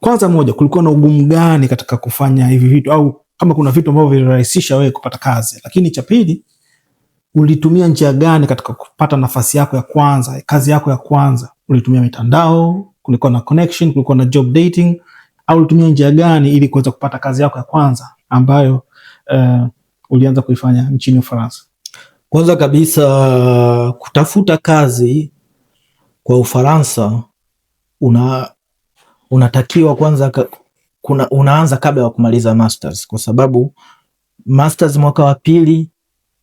Kwanza moja, kulikuwa na ugumu gani katika kufanya hivi vitu, au kama kuna vitu ambavyo vilirahisisha wewe kupata kazi? Lakini cha pili, ulitumia njia gani katika kupata nafasi yako ya kwanza, kazi yako ya kwanza? Ulitumia mitandao? Kulikuwa na connection? Kulikuwa na job dating? Au ulitumia njia gani ili kuweza kupata kazi yako ya kwanza ambayo uh, ulianza kuifanya nchini Ufaransa? Kwanza kabisa, kutafuta kazi kwa Ufaransa una unatakiwa kwanza kuna, unaanza kabla ya kumaliza masters, kwa sababu masters mwaka wa pili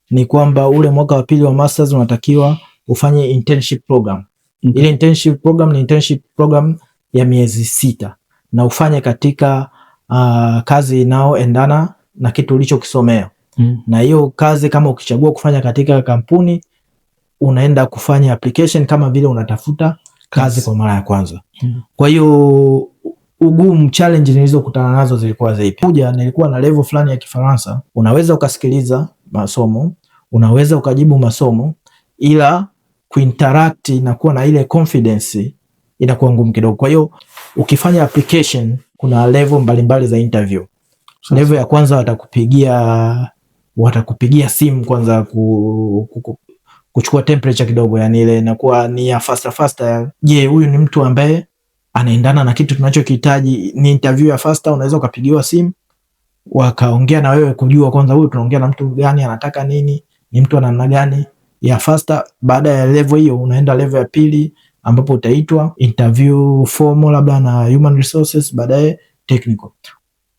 ni kwamba ule mwaka wa pili wa masters unatakiwa ufanye internship program. Okay. Ile internship program ni internship program ya miezi sita na ufanye katika uh, kazi inayoendana na kitu ulichokisomea. Mm. Na hiyo kazi kama ukichagua kufanya katika kampuni unaenda kufanya application kama vile unatafuta kazi kwa mara ya kwanza. Kwa hiyo ugumu challenge nilizokutana nazo zilikuwa zipi? Kuja nilikuwa na level fulani ya Kifaransa, unaweza ukasikiliza masomo, unaweza ukajibu masomo, ila kuinteract na kuwa na ile confidence inakuwa ngumu kidogo. Kwa hiyo ukifanya application, kuna level mbalimbali za interview. Level ya kwanza watakupigia watakupigia simu kwanza ku, ku, ku, kuchukua temperature kidogo, yani ile inakuwa ni ya faster faster. Je, huyu ni mtu ambaye anaendana na kitu tunachokihitaji? Ni interview ya faster, unaweza ukapigiwa simu wakaongea na wewe kujua kwanza huyu tunaongea na mtu gani, anataka nini, ni mtu ana namna gani ya faster. Baada ya level hiyo, unaenda level ya pili ambapo utaitwa interview formal, labda na human resources, baadaye technical.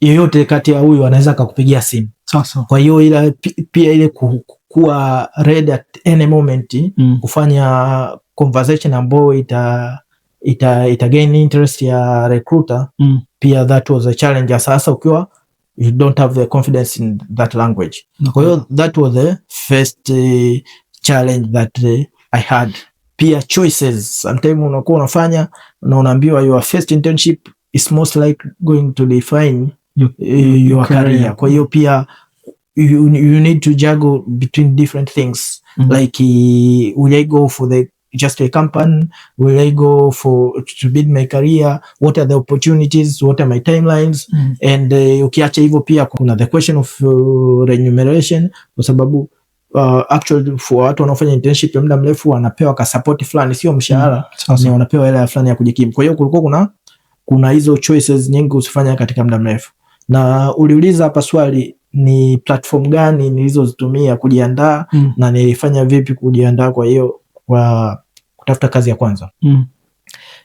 Yeyote kati ya huyu anaweza akakupigia simu. Sasa kwa hiyo ile pia ile ku, kuwa ready at any moment mm. kufanya conversation ambayo ita ita ita gain interest ya recruiter mm. pia that was a challenge sasa ukiwa you don't have the confidence in that language okay. kwa hiyo that was the first uh, challenge that uh, I had pia choices sometimes unakuwa unafanya na unaambiwa your first internship is most like going to define your, uh, your career kwa hiyo pia you, you need to juggle between different things mm-hmm. like uh, will i go for the just a company will i go for to build my career what are the opportunities what are my timelines mm-hmm. and uh, ukiacha hivyo pia kuna the question of uh, remuneration kwa sababu uh, actually for watu wanaofanya internship ya muda mrefu wanapewa ka support fulani sio mshahara mm-hmm. ni wanapewa hela fulani ya kujikimu kwa hiyo kulikuwa kuna kuna hizo choices nyingi usifanya katika muda mrefu na uliuliza hapa swali ni platform gani nilizozitumia kujiandaa mm. na nilifanya vipi kujiandaa kwa hiyo kwa kutafuta kazi ya kwanza mm.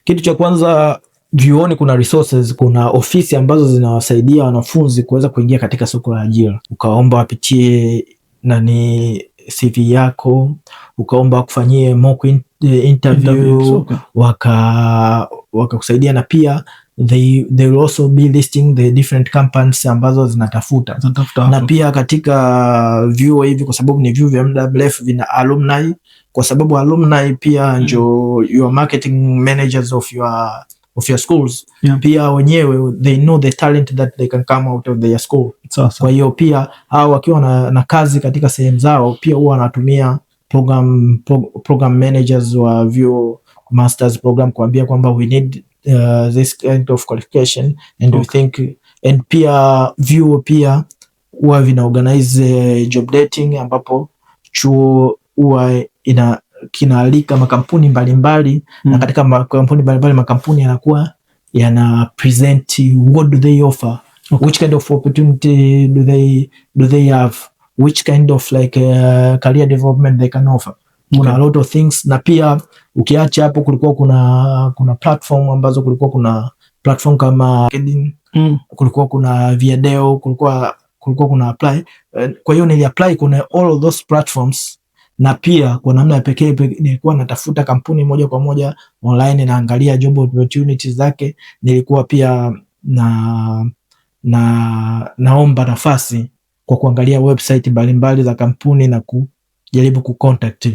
Kitu cha kwanza vyuoni kuna resources, kuna ofisi ambazo zinawasaidia wanafunzi kuweza kuingia katika soko la ajira. Ukaomba wapitie nani CV yako, ukaomba wakufanyie mock eh, interview, waka wakakusaidia na pia they, they will also be listing the different companies ambazo zinatafuta, na pia katika vyuo hivi, kwa sababu ni vyuo vya muda mrefu vina alumni, kwa sababu alumni pia mm. your marketing managers of your of your schools yeah. Pia wenyewe they know the talent that they can come out of their school so, so. Kwa hiyo pia hao wakiwa na, na kazi katika sehemu zao pia huwa wanatumia program, pro, program managers wa vyuo masters program kuambia kwamba we need Uh, this kind of qualification and okay. we think and pia vyuo pia huwa vina organize eh, job dating ambapo chuo huwa ina kinaalika makampuni mbalimbali mm. na hmm. katika makampuni mbalimbali makampuni yanakuwa yana present what do they offer okay. which kind of opportunity do they do they have which kind of like uh, career development they can offer kuna okay. a lot of things na pia ukiacha hapo, kulikuwa kuna kuna platform ambazo kulikuwa kuna platform kama LinkedIn mm. kulikuwa kuna video, kulikuwa kulikuwa kuna apply. Eh, kwa hiyo nili apply kuna all of those platforms, na pia kwa namna ya pekee nilikuwa natafuta kampuni moja kwa moja online, naangalia job opportunities zake. Nilikuwa pia na na naomba nafasi kwa kuangalia website mbalimbali za kampuni na kujaribu kucontact